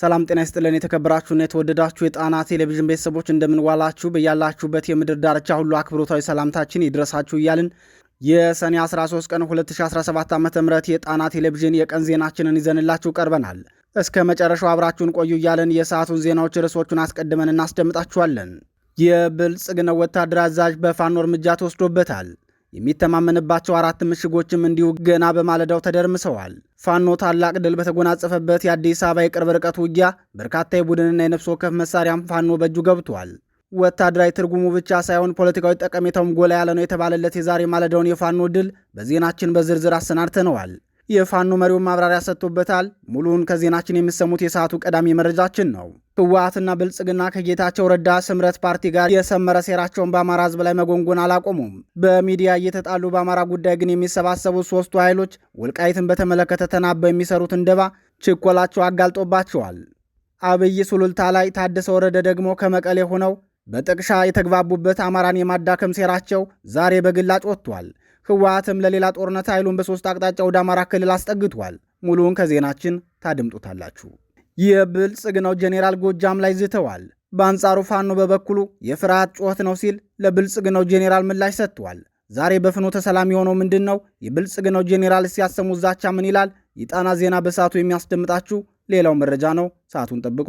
ሰላም ጤና ይስጥልን። የተከበራችሁና የተወደዳችሁ የጣና ቴሌቪዥን ቤተሰቦች እንደምንዋላችሁ፣ በያላችሁበት የምድር ዳርቻ ሁሉ አክብሮታዊ ሰላምታችን ይድረሳችሁ እያልን የሰኔ 13 ቀን 2017 ዓ ም የጣና ቴሌቪዥን የቀን ዜናችንን ይዘንላችሁ ቀርበናል። እስከ መጨረሻው አብራችሁን ቆዩ እያልን የሰዓቱን ዜናዎች ርዕሶቹን አስቀድመን እናስደምጣችኋለን። የብልጽግነ ወታደር አዛዥ በፋኖ እርምጃ ተወስዶበታል። የሚተማመንባቸው አራት ምሽጎችም እንዲሁ ገና በማለዳው ተደርምሰዋል። ፋኖ ታላቅ ድል በተጎናጸፈበት የአዲስ አበባ የቅርብ ርቀት ውጊያ በርካታ የቡድንና የነፍስ ወከፍ መሳሪያም ፋኖ በእጁ ገብቷል። ወታደራዊ ትርጉሙ ብቻ ሳይሆን ፖለቲካዊ ጠቀሜታውም ጎላ ያለ ነው የተባለለት የዛሬ ማለዳውን የፋኖ ድል በዜናችን በዝርዝር አሰናድተነዋል። የፋኖ መሪውን ማብራሪያ ሰጥቶበታል። ሙሉውን ከዜናችን የሚሰሙት የሰዓቱ ቀዳሚ መረጃችን ነው። ህወሓትና ብልጽግና ከጌታቸው ረዳ ስምረት ፓርቲ ጋር የሰመረ ሴራቸውን በአማራ ህዝብ ላይ መጎንጎን አላቆሙም። በሚዲያ እየተጣሉ በአማራ ጉዳይ ግን የሚሰባሰቡት ሶስቱ ኃይሎች ወልቃይትን በተመለከተ ተናበው የሚሰሩት እንደባ ችኮላቸው አጋልጦባቸዋል። አብይ ሱሉልታ ላይ፣ ታደሰ ወረደ ደግሞ ከመቀሌ ሆነው በጥቅሻ የተግባቡበት አማራን የማዳከም ሴራቸው ዛሬ በግላጭ ወጥቷል። ህወሓትም ለሌላ ጦርነት ኃይሉን በሶስት አቅጣጫ ወደ አማራ ክልል አስጠግቷል። ሙሉውን ከዜናችን ታድምጡታላችሁ። የብልጽግናው ጄኔራል ጎጃም ላይ ዝተዋል። በአንጻሩ ፋኖ በበኩሉ የፍርሃት ጩኸት ነው ሲል ለብልጽግናው ጄኔራል ምላሽ ሰጥቷል። ዛሬ በፍኖተ ሰላም የሆነው ምንድን ነው? የብልጽግናው ጄኔራል ሲያሰሙ ዛቻ ምን ይላል? የጣና ዜና በሰዓቱ የሚያስደምጣችሁ ሌላው መረጃ ነው። ሰዓቱን ጠብቆ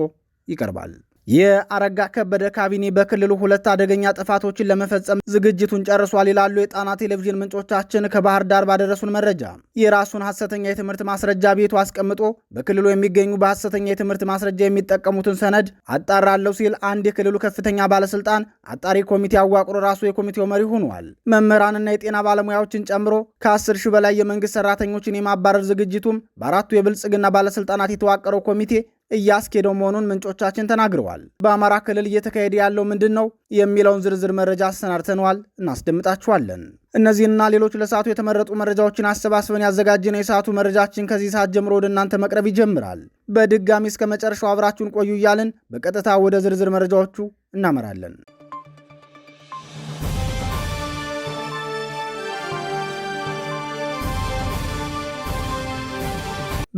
ይቀርባል። የአረጋ ከበደ ካቢኔ በክልሉ ሁለት አደገኛ ጥፋቶችን ለመፈጸም ዝግጅቱን ጨርሷል ይላሉ የጣና ቴሌቪዥን ምንጮቻችን ከባህር ዳር ባደረሱን መረጃ። የራሱን ሐሰተኛ የትምህርት ማስረጃ ቤቱ አስቀምጦ በክልሉ የሚገኙ በሐሰተኛ የትምህርት ማስረጃ የሚጠቀሙትን ሰነድ አጣራለሁ ሲል አንድ የክልሉ ከፍተኛ ባለስልጣን አጣሪ ኮሚቴ አዋቅሮ ራሱ የኮሚቴው መሪ ሆኗል። መምህራንና የጤና ባለሙያዎችን ጨምሮ ከ10 ሺህ በላይ የመንግስት ሰራተኞችን የማባረር ዝግጅቱም በአራቱ የብልጽግና ባለስልጣናት የተዋቀረው ኮሚቴ እያስኬደው መሆኑን ምንጮቻችን ተናግረዋል። በአማራ ክልል እየተካሄደ ያለው ምንድን ነው የሚለውን ዝርዝር መረጃ አሰናድተነዋል፣ እናስደምጣችኋለን። እነዚህና ሌሎች ለሰዓቱ የተመረጡ መረጃዎችን አሰባስበን ያዘጋጀነው የሰዓቱ መረጃችን ከዚህ ሰዓት ጀምሮ ወደ እናንተ መቅረብ ይጀምራል። በድጋሚ እስከ መጨረሻው አብራችሁን ቆዩ እያልን በቀጥታ ወደ ዝርዝር መረጃዎቹ እናመራለን።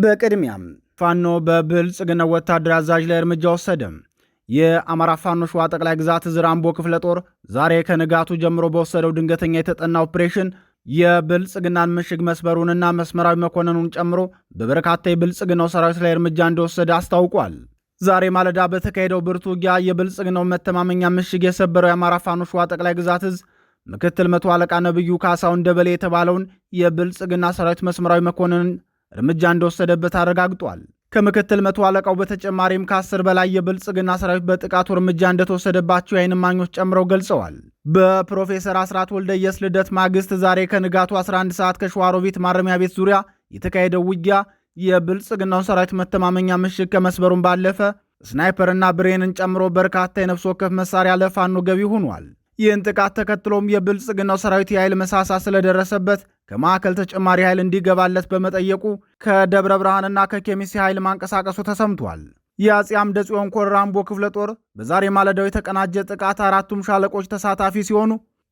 በቅድሚያም ፋኖ በብልጽግና ወታደር አዛዥ ላይ እርምጃ ወሰደ። የአማራ ፋኖ ሸዋ ጠቅላይ ግዛት ዕዝ ራምቦ ክፍለ ጦር ዛሬ ከንጋቱ ጀምሮ በወሰደው ድንገተኛ የተጠና ኦፕሬሽን የብልጽግናን ምሽግ መስበሩንና መስመራዊ መኮንኑን ጨምሮ በበርካታ የብልጽግናው ሰራዊት ላይ እርምጃ እንደወሰደ አስታውቋል። ዛሬ ማለዳ በተካሄደው ብርቱ ውጊያ የብልጽግናው መተማመኛ ምሽግ የሰበረው የአማራ ፋኖ ሸዋ ጠቅላይ ግዛት እዝ ምክትል መቶ አለቃ ነብዩ ካሳውን ደበሌ የተባለውን የብልጽግና ሰራዊት መስመራዊ መኮንንን እርምጃ እንደወሰደበት አረጋግጧል። ከምክትል መቶ አለቃው በተጨማሪም ከአስር በላይ የብልጽግና ሰራዊት በጥቃቱ እርምጃ እንደተወሰደባቸው የዓይን እማኞች ጨምረው ገልጸዋል። በፕሮፌሰር አስራት ወልደየስ ልደት ማግስት ዛሬ ከንጋቱ 11 ሰዓት ከሸዋሮቢት ማረሚያ ቤት ዙሪያ የተካሄደው ውጊያ የብልጽግናውን ሰራዊት መተማመኛ ምሽግ ከመስበሩን ባለፈ ስናይፐርና ብሬንን ጨምሮ በርካታ የነፍስ ወከፍ መሳሪያ ለፋኖ ገቢ ሆኗል። ይህን ጥቃት ተከትሎም የብልጽግናው ሰራዊት የኃይል መሳሳ ስለደረሰበት ከማዕከል ተጨማሪ ኃይል እንዲገባለት በመጠየቁ ከደብረ ብርሃንና ከኬሚሴ ኃይል ማንቀሳቀሱ ተሰምቷል። የአጼ አምደ ጽዮን ኮር ራምቦ ክፍለ ጦር በዛሬ ማለዳው የተቀናጀ ጥቃት አራቱም ሻለቆች ተሳታፊ ሲሆኑ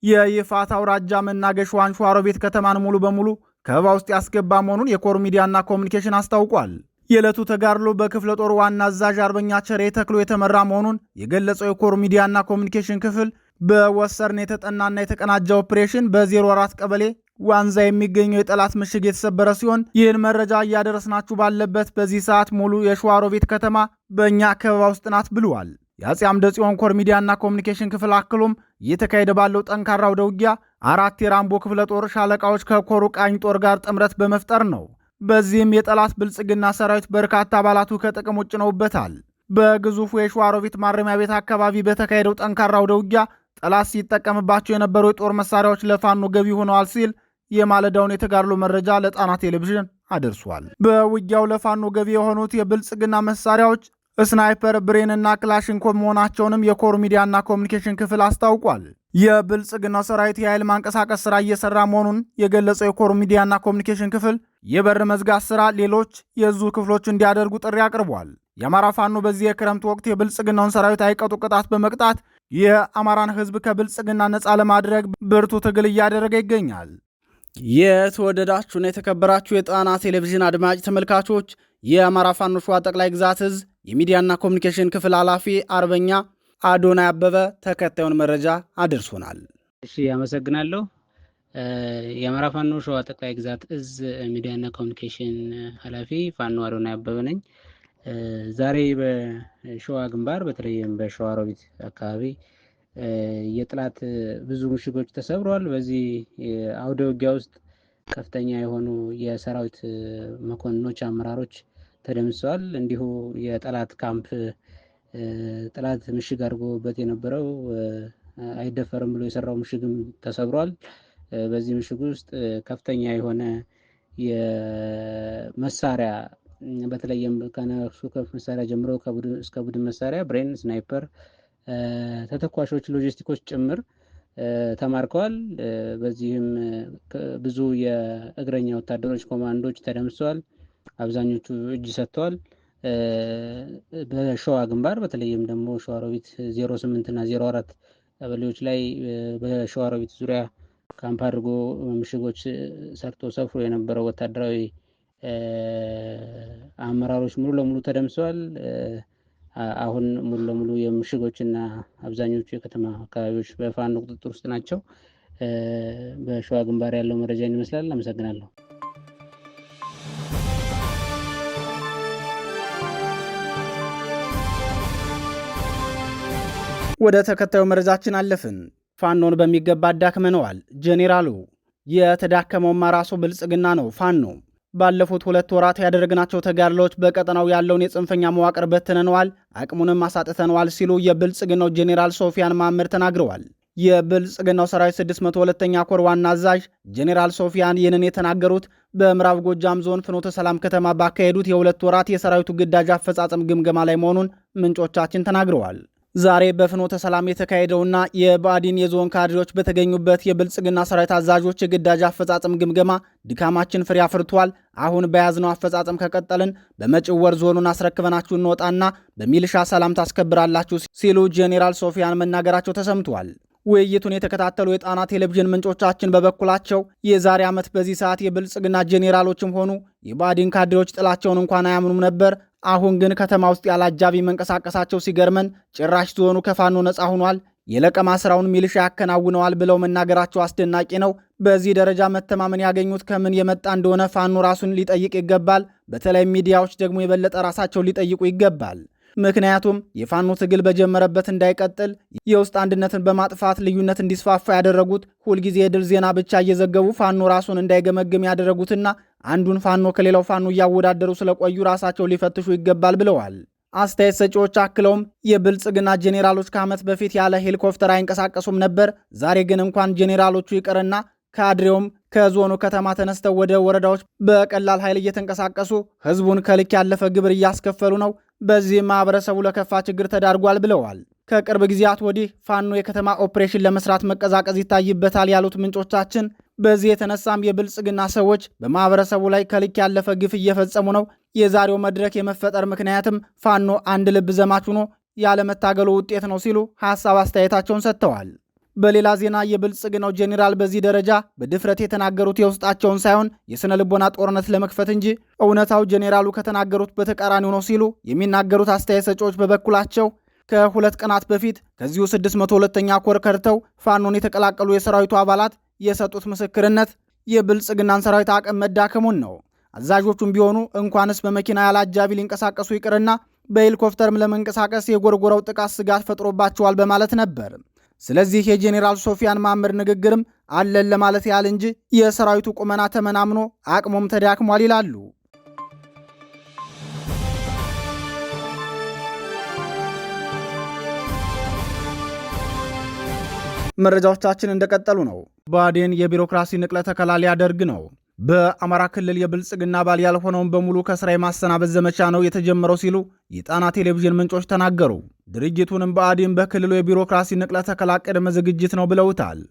የይፋት አውራጃ መናገሽ ዋንሸዋሮ ቤት ከተማን ሙሉ በሙሉ ከበባ ውስጥ ያስገባ መሆኑን የኮር ሚዲያና ኮሚኒኬሽን አስታውቋል። የዕለቱ ተጋድሎ በክፍለ ጦር ዋና አዛዥ አርበኛ ቸሬ ተክሎ የተመራ መሆኑን የገለጸው የኮር ሚዲያና ኮሚኒኬሽን ክፍል በወሰርን የተጠናና የተቀናጀ ኦፕሬሽን በዜሮ 04 ቀበሌ ዋንዛ የሚገኘው የጠላት ምሽግ የተሰበረ ሲሆን ይህን መረጃ እያደረስናችሁ ባለበት በዚህ ሰዓት ሙሉ የሸዋሮቤት ከተማ በእኛ ከበባ ውስጥ ናት ብለዋል። የአጼ አምደ ጽዮን ኮር ሚዲያና ኮሚኒኬሽን ክፍል አክሎም እየተካሄደ ባለው ጠንካራ ወደ ውጊያ አራት የራምቦ ክፍለ ጦር ሻለቃዎች ከኮሩ ቃኝ ጦር ጋር ጥምረት በመፍጠር ነው። በዚህም የጠላት ብልጽግና ሰራዊት በርካታ አባላቱ ከጥቅም ውጭ ነውበታል። በግዙፉ የሸዋሮቤት ማረሚያ ቤት አካባቢ በተካሄደው ጠንካራ ወደ ውጊያ ጠላት ሲጠቀምባቸው የነበሩ የጦር መሳሪያዎች ለፋኖ ገቢ ሆነዋል ሲል የማለዳውን የተጋድሎ መረጃ ለጣና ቴሌቪዥን አደርሷል። በውጊያው ለፋኖ ገቢ የሆኑት የብልጽግና መሳሪያዎች ስናይፐር፣ ብሬንና ክላሽንኮቭ መሆናቸውንም የኮር ሚዲያና ኮሚኒኬሽን ክፍል አስታውቋል። የብልጽግናው ሰራዊት የኃይል ማንቀሳቀስ ስራ እየሰራ መሆኑን የገለጸው የኮር ሚዲያና ኮሚኒኬሽን ክፍል የበር መዝጋት ስራ ሌሎች የዙ ክፍሎች እንዲያደርጉ ጥሪ አቅርቧል። የአማራ ፋኖ በዚህ የክረምት ወቅት የብልጽግናውን ሰራዊት አይቀጡ ቅጣት በመቅጣት የአማራን ህዝብ ከብልጽግና ነፃ ለማድረግ ብርቱ ትግል እያደረገ ይገኛል። የተወደዳችሁና የተከበራችሁ የጣና ቴሌቪዥን አድማጭ ተመልካቾች የአማራ ፋኖ ሸዋ ጠቅላይ ግዛት እዝ የሚዲያና ኮሚኒኬሽን ክፍል ኃላፊ አርበኛ አዶናይ አበበ ተከታዩን መረጃ አድርሶናል። እሺ፣ አመሰግናለሁ። የአማራ ፋኖ ሸዋ ጠቅላይ ግዛት እዝ ሚዲያና ኮሚኒኬሽን ኃላፊ ፋኖ አዶናይ አበበ ነኝ። ዛሬ በሸዋ ግንባር በተለይም ሮቢት አካባቢ የጥላት ብዙ ምሽጎች ተሰብረዋል። በዚህ አውደ ውጊያ ውስጥ ከፍተኛ የሆኑ የሰራዊት መኮንኖች፣ አመራሮች ተደምሰዋል። እንዲሁ የጠላት ካምፕ ጥላት ምሽግ አድርጎበት የነበረው አይደፈርም ብሎ የሰራው ምሽግም ተሰብሯል። በዚህ ምሽግ ውስጥ ከፍተኛ የሆነ የመሳሪያ በተለይም ከነሱ ከፍ መሳሪያ ጀምሮ እስከ ቡድን መሳሪያ ብሬን፣ ስናይፐር፣ ተተኳሾች፣ ሎጂስቲኮች ጭምር ተማርከዋል። በዚህም ብዙ የእግረኛ ወታደሮች ኮማንዶች ተደምሰዋል። አብዛኞቹ እጅ ሰጥተዋል። በሸዋ ግንባር በተለይም ደግሞ ሸዋሮቢት ዜሮ ስምንት እና ዜሮ አራት ቀበሌዎች ላይ በሸዋሮቢት ዙሪያ ካምፕ አድርጎ ምሽጎች ሰርቶ ሰፍሮ የነበረው ወታደራዊ አመራሮች ሙሉ ለሙሉ ተደምሰዋል። አሁን ሙሉ ለሙሉ የምሽጎችና አብዛኞቹ የከተማ አካባቢዎች በፋኖ ቁጥጥር ውስጥ ናቸው። በሸዋ ግንባር ያለው መረጃ ይመስላል። አመሰግናለሁ። ወደ ተከታዩ መረጃችን አለፍን። ፋኖን በሚገባ አዳክመነዋል ጄኔራሉ። የተዳከመውማ ራሱ ብልጽግና ነው ፋኖ ባለፉት ሁለት ወራት ያደረግናቸው ተጋድሎች በቀጠናው ያለውን የጽንፈኛ መዋቅር በትነነዋል፣ አቅሙንም አሳጥተነዋል ሲሉ የብልጽግናው ጄኔራል ሶፊያን ማምር ተናግረዋል። የብልጽግናው ሰራዊት 602ኛ ኮር ዋና አዛዥ ጄኔራል ሶፊያን ይህንን የተናገሩት በምዕራብ ጎጃም ዞን ፍኖተ ሰላም ከተማ ባካሄዱት የሁለት ወራት የሰራዊቱ ግዳጅ አፈጻጸም ግምገማ ላይ መሆኑን ምንጮቻችን ተናግረዋል። ዛሬ በፍኖተ ሰላም የተካሄደውና የባዲን የዞን ካድሬዎች በተገኙበት የብልጽግና ሰራዊት አዛዦች የግዳጅ አፈጻጸም ግምገማ ድካማችን ፍሬ አፍርቷል፣ አሁን በያዝነው አፈጻጸም ከቀጠልን በመጪው ወር ዞኑን አስረክበናችሁ እንወጣና በሚልሻ ሰላም ታስከብራላችሁ ሲሉ ጄኔራል ሶፊያን መናገራቸው ተሰምቷል። ውይይቱን የተከታተሉ የጣና ቴሌቪዥን ምንጮቻችን በበኩላቸው የዛሬ ዓመት በዚህ ሰዓት የብልጽግና ጄኔራሎችም ሆኑ የባዲን ካድሬዎች ጥላቸውን እንኳን አያምኑም ነበር፣ አሁን ግን ከተማ ውስጥ ያለ አጃቢ መንቀሳቀሳቸው ሲገርመን ጭራሽ ዞኑ ከፋኖ ነፃ ሆኗል፣ የለቀማ ስራውን ሚሊሻ ያከናውነዋል ብለው መናገራቸው አስደናቂ ነው። በዚህ ደረጃ መተማመን ያገኙት ከምን የመጣ እንደሆነ ፋኖ ራሱን ሊጠይቅ ይገባል። በተለይ ሚዲያዎች ደግሞ የበለጠ ራሳቸውን ሊጠይቁ ይገባል። ምክንያቱም የፋኖ ትግል በጀመረበት እንዳይቀጥል የውስጥ አንድነትን በማጥፋት ልዩነት እንዲስፋፋ ያደረጉት ሁልጊዜ የድል ዜና ብቻ እየዘገቡ ፋኖ ራሱን እንዳይገመግም ያደረጉትና አንዱን ፋኖ ከሌላው ፋኖ እያወዳደሩ ስለቆዩ ራሳቸው ሊፈትሹ ይገባል ብለዋል። አስተያየት ሰጪዎች አክለውም የብልጽግና ጄኔራሎች ከዓመት በፊት ያለ ሄሊኮፕተር አይንቀሳቀሱም ነበር። ዛሬ ግን እንኳን ጄኔራሎቹ ይቅርና ካድሬውም ከዞኑ ከተማ ተነስተው ወደ ወረዳዎች በቀላል ኃይል እየተንቀሳቀሱ ህዝቡን ከልክ ያለፈ ግብር እያስከፈሉ ነው። በዚህም ማህበረሰቡ ለከፋ ችግር ተዳርጓል ብለዋል። ከቅርብ ጊዜያት ወዲህ ፋኖ የከተማ ኦፕሬሽን ለመስራት መቀዛቀዝ ይታይበታል ያሉት ምንጮቻችን በዚህ የተነሳም የብልጽግና ሰዎች በማህበረሰቡ ላይ ከልክ ያለፈ ግፍ እየፈጸሙ ነው። የዛሬው መድረክ የመፈጠር ምክንያትም ፋኖ አንድ ልብ ዘማች ሆኖ ያለመታገሉ ውጤት ነው ሲሉ ሀሳብ አስተያየታቸውን ሰጥተዋል። በሌላ ዜና የብልጽግናው ጄኔራል በዚህ ደረጃ በድፍረት የተናገሩት የውስጣቸውን ሳይሆን የሥነ ልቦና ጦርነት ለመክፈት እንጂ እውነታው ጄኔራሉ ከተናገሩት በተቃራኒው ነው ሲሉ የሚናገሩት አስተያየት ሰጪዎች በበኩላቸው ከሁለት ቀናት በፊት ከዚሁ 602ኛ ኮር ከድተው ፋኖን የተቀላቀሉ የሰራዊቱ አባላት የሰጡት ምስክርነት የብልጽግናን ሰራዊት አቅም መዳከሙን ነው። አዛዦቹም ቢሆኑ እንኳንስ በመኪና ያለ አጃቢ ሊንቀሳቀሱ ይቅርና በሄሊኮፕተርም ለመንቀሳቀስ የጎርጎራው ጥቃት ስጋት ፈጥሮባቸዋል በማለት ነበር። ስለዚህ የጄኔራል ሶፊያን ማምር ንግግርም አለን ለማለት ያህል እንጂ የሰራዊቱ ቁመና ተመናምኖ አቅሙም ተዳክሟል ይላሉ። መረጃዎቻችን እንደቀጠሉ ነው። ብአዴን የቢሮክራሲ ንቅለ ተከላ ሊያደርግ ነው። በአማራ ክልል የብልጽግና አባል ያልሆነውን በሙሉ ከስራ የማሰናበት ዘመቻ ነው የተጀመረው ሲሉ የጣና ቴሌቪዥን ምንጮች ተናገሩ። ድርጅቱንም ብአዴን በክልሉ የቢሮክራሲ ንቅለ ተከላ ቅድመ ዝግጅት ነው ብለውታል።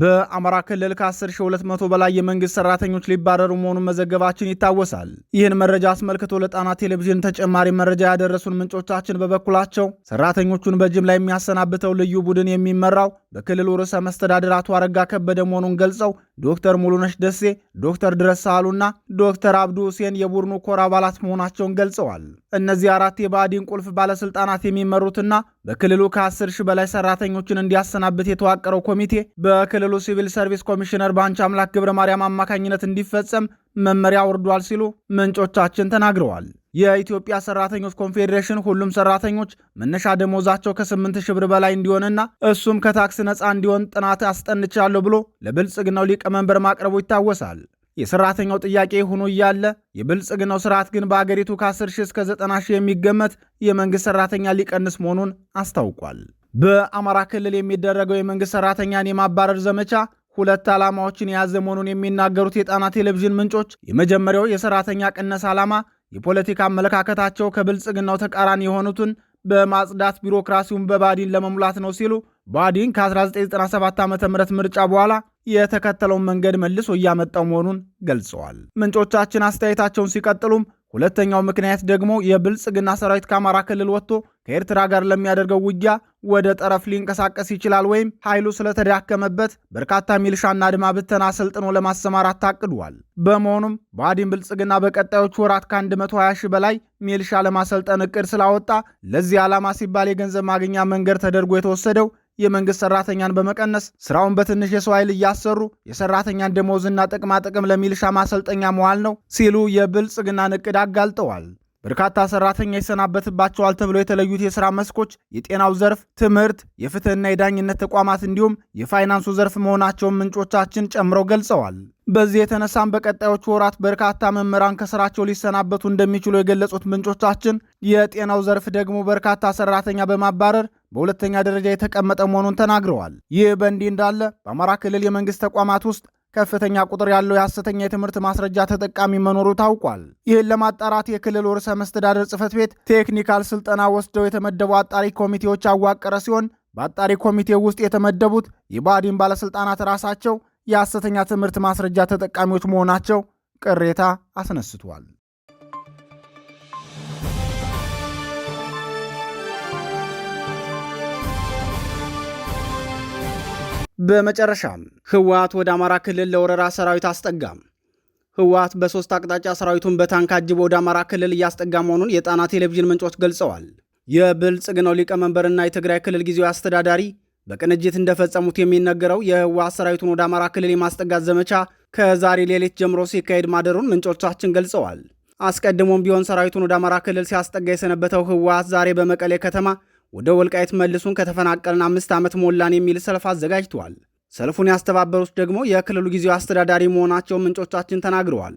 በአማራ ክልል ከ10200 በላይ የመንግስት ሰራተኞች ሊባረሩ መሆኑን መዘገባችን ይታወሳል። ይህን መረጃ አስመልክቶ ለጣና ቴሌቪዥን ተጨማሪ መረጃ ያደረሱን ምንጮቻችን በበኩላቸው ሰራተኞቹን በጅምላ የሚያሰናብተው ልዩ ቡድን የሚመራው በክልሉ ርዕሰ መስተዳድር አቶ አረጋ ከበደ መሆኑን ገልጸው ዶክተር ሙሉነሽ ደሴ፣ ዶክተር ድረስ ሳህሉና ዶክተር አብዱ ሁሴን የቡድኑ ኮር አባላት መሆናቸውን ገልጸዋል። እነዚህ አራት የባዕዲን ቁልፍ ባለስልጣናት የሚመሩትና በክልሉ ከ10 ሺህ በላይ ሰራተኞችን እንዲያሰናብት የተዋቀረው ኮሚቴ በክልሉ ሲቪል ሰርቪስ ኮሚሽነር በአንቺ አምላክ ገብረ ማርያም አማካኝነት እንዲፈጸም መመሪያ ወርዷል ሲሉ ምንጮቻችን ተናግረዋል። የኢትዮጵያ ሰራተኞች ኮንፌዴሬሽን ሁሉም ሰራተኞች መነሻ ደሞዛቸው ከ8 ሺህ ብር በላይ እንዲሆንና እሱም ከታክስ ነፃ እንዲሆን ጥናት አስጠንቻለሁ ብሎ ለብልጽግናው ሊቀመንበር ማቅረቡ ይታወሳል። የሰራተኛው ጥያቄ ሆኖ እያለ የብልጽግናው ስርዓት ግን በአገሪቱ ከ10 ሺህ እስከ 90 ሺህ የሚገመት የመንግሥት ሠራተኛ ሊቀንስ መሆኑን አስታውቋል። በአማራ ክልል የሚደረገው የመንግሥት ሠራተኛን የማባረር ዘመቻ ሁለት ዓላማዎችን የያዘ መሆኑን የሚናገሩት የጣና ቴሌቪዥን ምንጮች የመጀመሪያው የሰራተኛ ቅነስ ዓላማ የፖለቲካ አመለካከታቸው ከብልጽግናው ተቃራኒ የሆኑትን በማጽዳት ቢሮክራሲውን በባዲን ለመሙላት ነው ሲሉ ብአዴን ከ1997 ዓ ም ምርጫ በኋላ የተከተለውን መንገድ መልሶ እያመጣው መሆኑን ገልጸዋል። ምንጮቻችን አስተያየታቸውን ሲቀጥሉም ሁለተኛው ምክንያት ደግሞ የብልጽግና ሰራዊት ከአማራ ክልል ወጥቶ ከኤርትራ ጋር ለሚያደርገው ውጊያ ወደ ጠረፍ ሊንቀሳቀስ ይችላል ወይም ኃይሉ ስለተዳከመበት በርካታ ሚልሻና አድማ ብተና አሰልጥኖ ለማሰማራት ታቅዷል። በመሆኑም ብአዴን ብልጽግና በቀጣዮቹ ወራት ከ120 ሺህ በላይ ሚልሻ ለማሰልጠን እቅድ ስላወጣ ለዚህ ዓላማ ሲባል የገንዘብ ማግኛ መንገድ ተደርጎ የተወሰደው የመንግስት ሰራተኛን በመቀነስ ስራውን በትንሽ የሰው ኃይል እያሰሩ የሰራተኛን ደሞዝና ጥቅማጥቅም ለሚልሻ ማሰልጠኛ መዋል ነው ሲሉ የብልጽግናን እቅድ አጋልጠዋል። በርካታ ሰራተኛ ይሰናበትባቸዋል ተብሎ የተለዩት የስራ መስኮች የጤናው ዘርፍ፣ ትምህርት፣ የፍትህና የዳኝነት ተቋማት እንዲሁም የፋይናንሱ ዘርፍ መሆናቸውን ምንጮቻችን ጨምረው ገልጸዋል። በዚህ የተነሳም በቀጣዮቹ ወራት በርካታ መምህራን ከስራቸው ሊሰናበቱ እንደሚችሉ የገለጹት ምንጮቻችን የጤናው ዘርፍ ደግሞ በርካታ ሰራተኛ በማባረር በሁለተኛ ደረጃ የተቀመጠ መሆኑን ተናግረዋል። ይህ በእንዲህ እንዳለ በአማራ ክልል የመንግሥት ተቋማት ውስጥ ከፍተኛ ቁጥር ያለው የሐሰተኛ የትምህርት ማስረጃ ተጠቃሚ መኖሩ ታውቋል። ይህን ለማጣራት የክልሉ ርዕሰ መስተዳደር ጽፈት ቤት ቴክኒካል ስልጠና ወስደው የተመደቡ አጣሪ ኮሚቴዎች አዋቀረ ሲሆን በአጣሪ ኮሚቴው ውስጥ የተመደቡት የባዕዲን ባለሥልጣናት ራሳቸው የሐሰተኛ ትምህርት ማስረጃ ተጠቃሚዎች መሆናቸው ቅሬታ አስነስቷል። በመጨረሻም ህወሓት ወደ አማራ ክልል ለወረራ ሰራዊት አስጠጋም። ህወሓት በሶስት አቅጣጫ ሰራዊቱን በታንክ አጅቦ ወደ አማራ ክልል እያስጠጋ መሆኑን የጣና ቴሌቪዥን ምንጮች ገልጸዋል። የብልጽግናው ሊቀመንበርና የትግራይ ክልል ጊዜያዊ አስተዳዳሪ በቅንጅት እንደፈጸሙት የሚነገረው የህወሓት ሰራዊቱን ወደ አማራ ክልል የማስጠጋት ዘመቻ ከዛሬ ሌሊት ጀምሮ ሲካሄድ ማደሩን ምንጮቻችን ገልጸዋል። አስቀድሞም ቢሆን ሰራዊቱን ወደ አማራ ክልል ሲያስጠጋ የሰነበተው ህወሓት ዛሬ በመቀሌ ከተማ ወደ ወልቃይት መልሱን ከተፈናቀልን አምስት ዓመት ሞላን የሚል ሰልፍ አዘጋጅተዋል። ሰልፉን ያስተባበሩት ደግሞ የክልሉ ጊዜው አስተዳዳሪ መሆናቸውን ምንጮቻችን ተናግረዋል።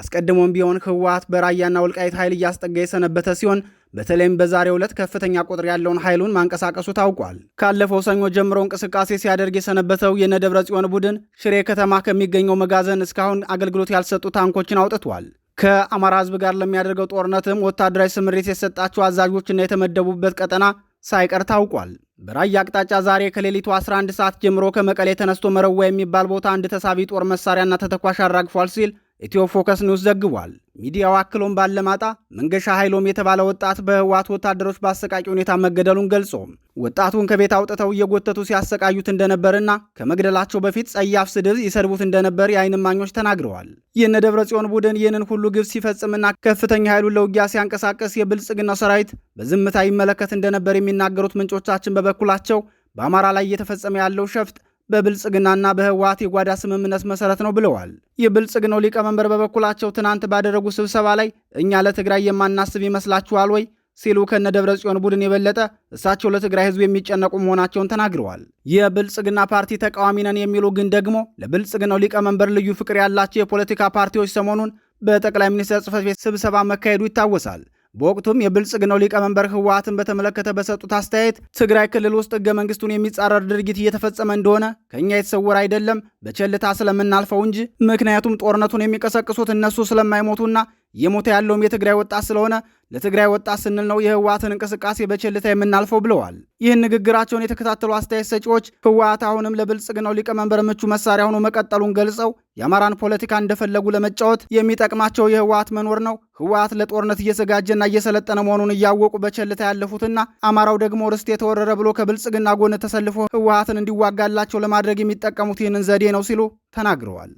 አስቀድሞም ቢሆን ህወሓት በራያና ወልቃይት ኃይል እያስጠጋ የሰነበተ ሲሆን በተለይም በዛሬው ዕለት ከፍተኛ ቁጥር ያለውን ኃይሉን ማንቀሳቀሱ ታውቋል። ካለፈው ሰኞ ጀምሮ እንቅስቃሴ ሲያደርግ የሰነበተው የነደብረ ጽዮን ቡድን ሽሬ ከተማ ከሚገኘው መጋዘን እስካሁን አገልግሎት ያልሰጡ ታንኮችን አውጥቷል። ከአማራ ህዝብ ጋር ለሚያደርገው ጦርነትም ወታደራዊ ስምሪት የሰጣቸው አዛዦችና የተመደቡበት ቀጠና ሳይቀር ታውቋል። በራያ አቅጣጫ ዛሬ ከሌሊቱ 11 ሰዓት ጀምሮ ከመቀሌ ተነስቶ መረዋ የሚባል ቦታ አንድ ተሳቢ ጦር መሳሪያና ተተኳሽ አራግፏል ሲል ኢትዮ ፎከስ ኒውስ ዘግቧል። ሚዲያው አክሎም ባለማጣ መንገሻ ኃይሎም የተባለ ወጣት በህወሓት ወታደሮች በአሰቃቂ ሁኔታ መገደሉን ገልጾ ወጣቱን ከቤት አውጥተው እየጎተቱ ሲያሰቃዩት እንደነበርና ከመግደላቸው በፊት ጸያፍ ስድብ ይሰድቡት እንደነበር የአይን እማኞች ተናግረዋል። ይህን ደብረ ጽዮን ቡድን ይህንን ሁሉ ግብ ሲፈጽምና ከፍተኛ ኃይሉን ለውጊያ ሲያንቀሳቀስ የብልጽግናው ሰራዊት በዝምታ ይመለከት እንደነበር የሚናገሩት ምንጮቻችን በበኩላቸው በአማራ ላይ እየተፈጸመ ያለው ሸፍጥ በብልጽግናና በህወሓት የጓዳ ስምምነት መሰረት ነው ብለዋል። የብልጽግናው ሊቀመንበር በበኩላቸው ትናንት ባደረጉ ስብሰባ ላይ እኛ ለትግራይ የማናስብ ይመስላችኋል ወይ ሲሉ ከነ ደብረ ጽዮን ቡድን የበለጠ እሳቸው ለትግራይ ህዝብ የሚጨነቁ መሆናቸውን ተናግረዋል። የብልጽግና ፓርቲ ተቃዋሚ ነን የሚሉ ግን ደግሞ ለብልጽግናው ሊቀመንበር ልዩ ፍቅር ያላቸው የፖለቲካ ፓርቲዎች ሰሞኑን በጠቅላይ ሚኒስትር ጽህፈት ቤት ስብሰባ መካሄዱ ይታወሳል። በወቅቱም የብልጽግናው ሊቀመንበር ህወሓትን በተመለከተ በሰጡት አስተያየት ትግራይ ክልል ውስጥ ህገ መንግስቱን የሚጻረር ድርጊት እየተፈጸመ እንደሆነ ከእኛ የተሰወር አይደለም፣ በቸልታ ስለምናልፈው እንጂ ምክንያቱም ጦርነቱን የሚቀሰቅሱት እነሱ ስለማይሞቱና የሞተ ያለውም የትግራይ ወጣት ስለሆነ ለትግራይ ወጣት ስንል ነው የህወሓትን እንቅስቃሴ በቸልታ የምናልፈው ብለዋል። ይህን ንግግራቸውን የተከታተሉ አስተያየት ሰጪዎች ህወሓት አሁንም ለብልጽግናው ሊቀመንበር ምቹ መሳሪያ ሆኖ መቀጠሉን ገልጸው የአማራን ፖለቲካ እንደፈለጉ ለመጫወት የሚጠቅማቸው የህወሓት መኖር ነው። ህወሓት ለጦርነት እየዘጋጀና እየሰለጠነ መሆኑን እያወቁ በቸልታ ያለፉትና አማራው ደግሞ ርስት የተወረረ ብሎ ከብልጽግና ጎን ተሰልፎ ህወሓትን እንዲዋጋላቸው ለማድረግ የሚጠቀሙት ይህንን ዘዴ ነው ሲሉ ተናግረዋል።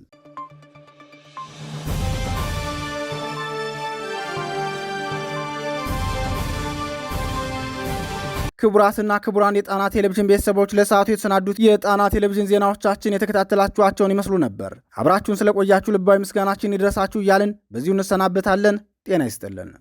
ክቡራትና ክቡራን የጣና ቴሌቪዥን ቤተሰቦች ለሰዓቱ የተሰናዱት የጣና ቴሌቪዥን ዜናዎቻችን የተከታተላችኋቸውን ይመስሉ ነበር። አብራችሁን ስለቆያችሁ ልባዊ ምስጋናችን ይድረሳችሁ እያልን በዚሁ እንሰናበታለን። ጤና ይስጥልን።